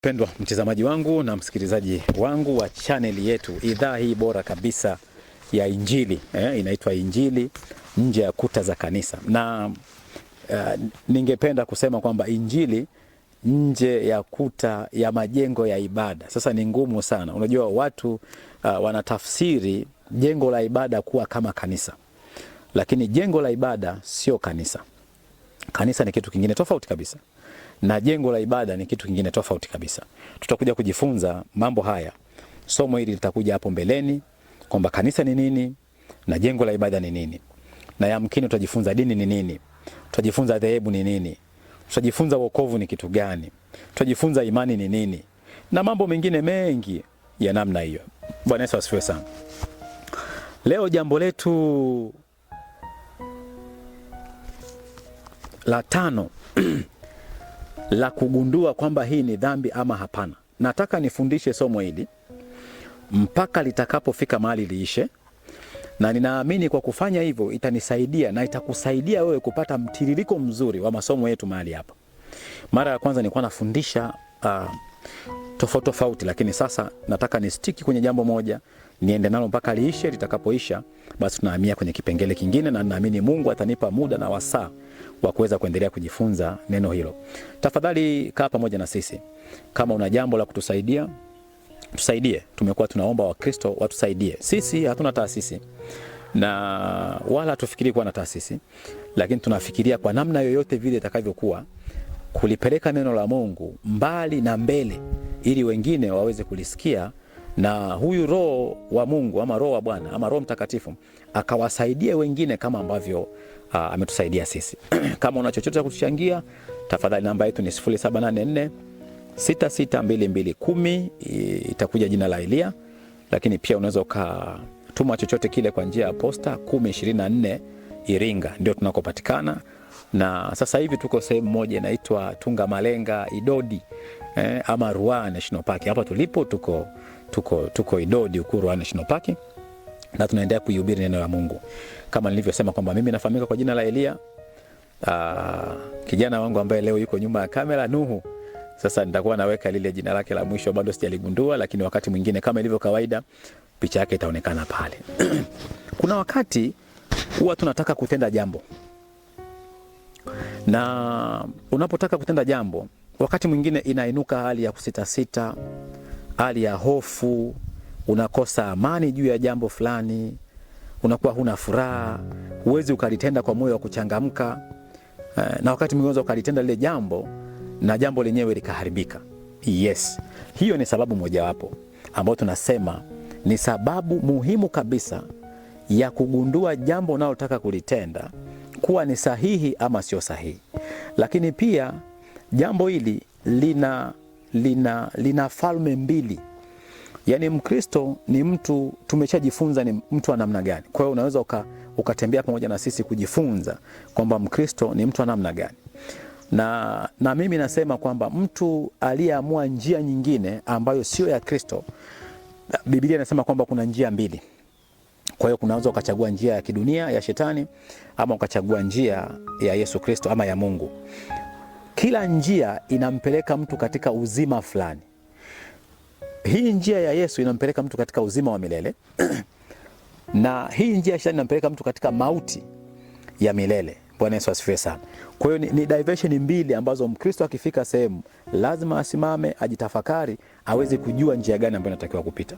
Pendwa mtazamaji wangu na msikilizaji wangu wa chaneli yetu, idhaa hii bora kabisa ya Injili eh, inaitwa Injili nje ya kuta za kanisa, na uh, ningependa kusema kwamba Injili nje ya kuta ya majengo ya ibada. Sasa ni ngumu sana, unajua watu uh, wanatafsiri jengo la ibada kuwa kama kanisa, lakini jengo la ibada sio kanisa. Kanisa ni kitu kingine tofauti kabisa, na jengo la ibada ni kitu kingine tofauti kabisa. Tutakuja kujifunza mambo haya, somo hili litakuja hapo mbeleni, kwamba kanisa ni nini na jengo la ibada ni nini, na yamkini tutajifunza dini ni nini, tutajifunza dhehebu ni nini, tutajifunza wokovu ni kitu gani, tutajifunza imani ni nini, na mambo mengine mengi ya namna hiyo. Bwana Yesu asifiwe sana. Leo jambo letu la tano la kugundua kwamba hii ni dhambi ama hapana. Nataka nifundishe somo hili mpaka litakapofika mahali liishe, na ninaamini kwa kufanya hivyo itanisaidia na itakusaidia wewe kupata mtiririko mzuri wa masomo yetu mahali hapa. Mara ya kwanza nilikuwa nafundisha uh, tofauti tofauti, lakini sasa nataka nistiki kwenye jambo moja niende nalo mpaka liishe. Litakapoisha basi tunahamia kwenye kipengele kingine, na naamini Mungu atanipa muda na wasaa wa kuweza kuendelea kujifunza neno hilo. Tafadhali kaa pamoja na sisi, kama una jambo la kutusaidia tusaidie. Tumekuwa tunaomba Wakristo watusaidie. Sisi hatuna taasisi na wala hatufikiri kuwa na taasisi, lakini tunafikiria kwa namna yoyote vile itakavyokuwa kulipeleka neno la Mungu mbali na mbele, ili wengine waweze kulisikia na huyu Roho wa Mungu ama Roho wa Bwana ama Roho Mtakatifu akawasaidie wengine kama ambavyo uh, ametusaidia sisi. Kama una chochote cha kutuchangia, tafadhali namba yetu ni 0784 662210 itakuja jina la Elia, lakini pia unaweza ukatuma chochote kile kwa njia ya posta 1024 Iringa, ndio tunakopatikana na sasa hivi tuko sehemu moja inaitwa Tunga Malenga Idodi eh, ama Ruaha National Park. Hapa tulipo tuko tuko, tuko Idodi Ukuru National Park na tunaendelea kuihubiri neno la Mungu. Kama nilivyosema kwamba mimi nafahamika kwa jina la Elia. Aa, ah, kijana wangu ambaye leo yuko nyuma ya kamera Nuhu, sasa nitakuwa naweka lile jina lake la mwisho, bado sijaligundua, lakini wakati mwingine kama ilivyo kawaida picha yake itaonekana pale. Kuna wakati huwa tunataka kutenda jambo, na unapotaka kutenda jambo, wakati mwingine inainuka hali ya kusitasita hali ya hofu, unakosa amani juu ya jambo fulani, unakuwa huna furaha, huwezi ukalitenda kwa moyo wa kuchangamka, eh, na wakati mwingine ukalitenda lile jambo na jambo lenyewe likaharibika. Yes, hiyo ni sababu mojawapo ambayo tunasema ni sababu muhimu kabisa ya kugundua jambo unalotaka kulitenda kuwa ni sahihi ama sio sahihi. Lakini pia jambo hili lina lina, lina falme mbili. Yaani Mkristo ni mtu tumeshajifunza ni mtu wa namna gani. Kwa hiyo unaweza uka, ukatembea pamoja na sisi kujifunza kwamba Mkristo ni mtu wa namna gani. Na, na mimi nasema kwamba mtu aliyeamua njia nyingine ambayo sio ya Kristo, Biblia inasema kwamba kuna njia mbili. Kwa hiyo kunaweza ukachagua njia ya kidunia ya shetani ama ukachagua njia ya Yesu Kristo ama ya Mungu. Kila njia inampeleka mtu katika uzima fulani. Hii njia ya Yesu inampeleka mtu katika uzima wa milele na hii njia ya shetani inampeleka mtu katika mauti ya milele. Bwana Yesu asifiwe sana. Kwa hiyo ni, ni diversion mbili ambazo Mkristo akifika sehemu lazima asimame, ajitafakari, aweze kujua njia gani ambayo inatakiwa kupita.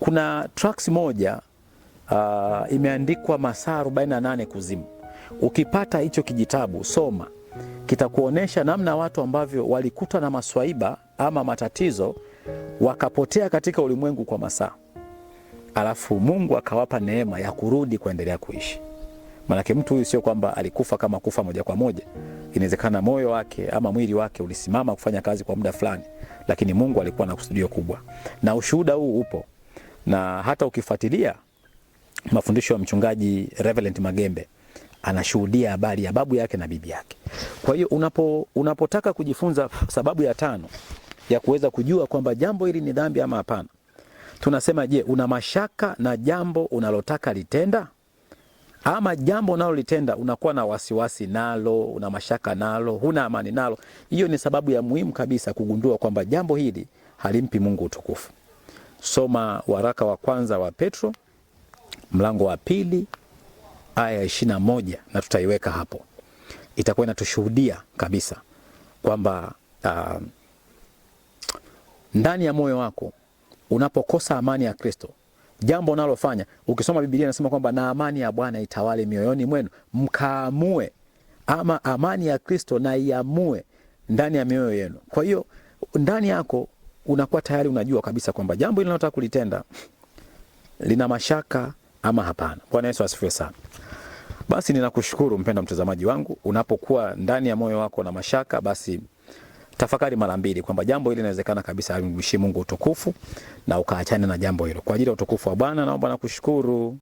Kuna tracks moja uh, imeandikwa masaa 48 kuzimu. Ukipata hicho kijitabu soma kitakuonyesha namna watu ambavyo walikuta na maswaiba ama matatizo wakapotea katika ulimwengu kwa masaa, alafu Mungu akawapa neema ya kurudi kuendelea kuishi. Maanake mtu huyu sio kwamba alikufa kama kufa moja kwa moja. Inawezekana moyo wake ama mwili wake ulisimama kufanya kazi kwa muda fulani, lakini Mungu alikuwa na kusudio kubwa, na ushuhuda huu upo, na hata ukifuatilia mafundisho ya mchungaji Reverend Magembe anashuhudia habari ya babu yake na bibi yake. Kwa hiyo unapo, unapotaka kujifunza sababu ya tano ya kuweza kujua kwamba jambo hili ni dhambi ama hapana, tunasema je, una mashaka na jambo unalotaka litenda ama jambo unalolitenda unakuwa na wasiwasi nalo, una mashaka nalo, huna amani nalo. Hiyo ni sababu ya muhimu kabisa kugundua kwamba jambo hili halimpi Mungu utukufu. Soma waraka wa kwanza wa Petro mlango wa pili aya ishirini na moja na tutaiweka hapo, itakuwa inatushuhudia kabisa kwamba uh, ndani ya moyo wako unapokosa amani ya Kristo, jambo unalofanya ukisoma Biblia inasema kwamba na amani ya Bwana itawale mioyoni mwenu mkaamue, ama amani ya Kristo naiamue ndani ya mioyo yenu. Kwa hiyo ndani yako unakuwa tayari unajua kabisa kwamba jambo hili linalotaka kulitenda lina mashaka ama hapana. Bwana Yesu asifiwe sana. Basi ninakushukuru mpenda mtazamaji wangu, unapokuwa ndani ya moyo wako na mashaka, basi tafakari mara mbili kwamba jambo hili inawezekana kabisa alimwishi Mungu utukufu, na ukaachana na jambo hilo kwa ajili ya utukufu wa Bwana. Naomba nakushukuru.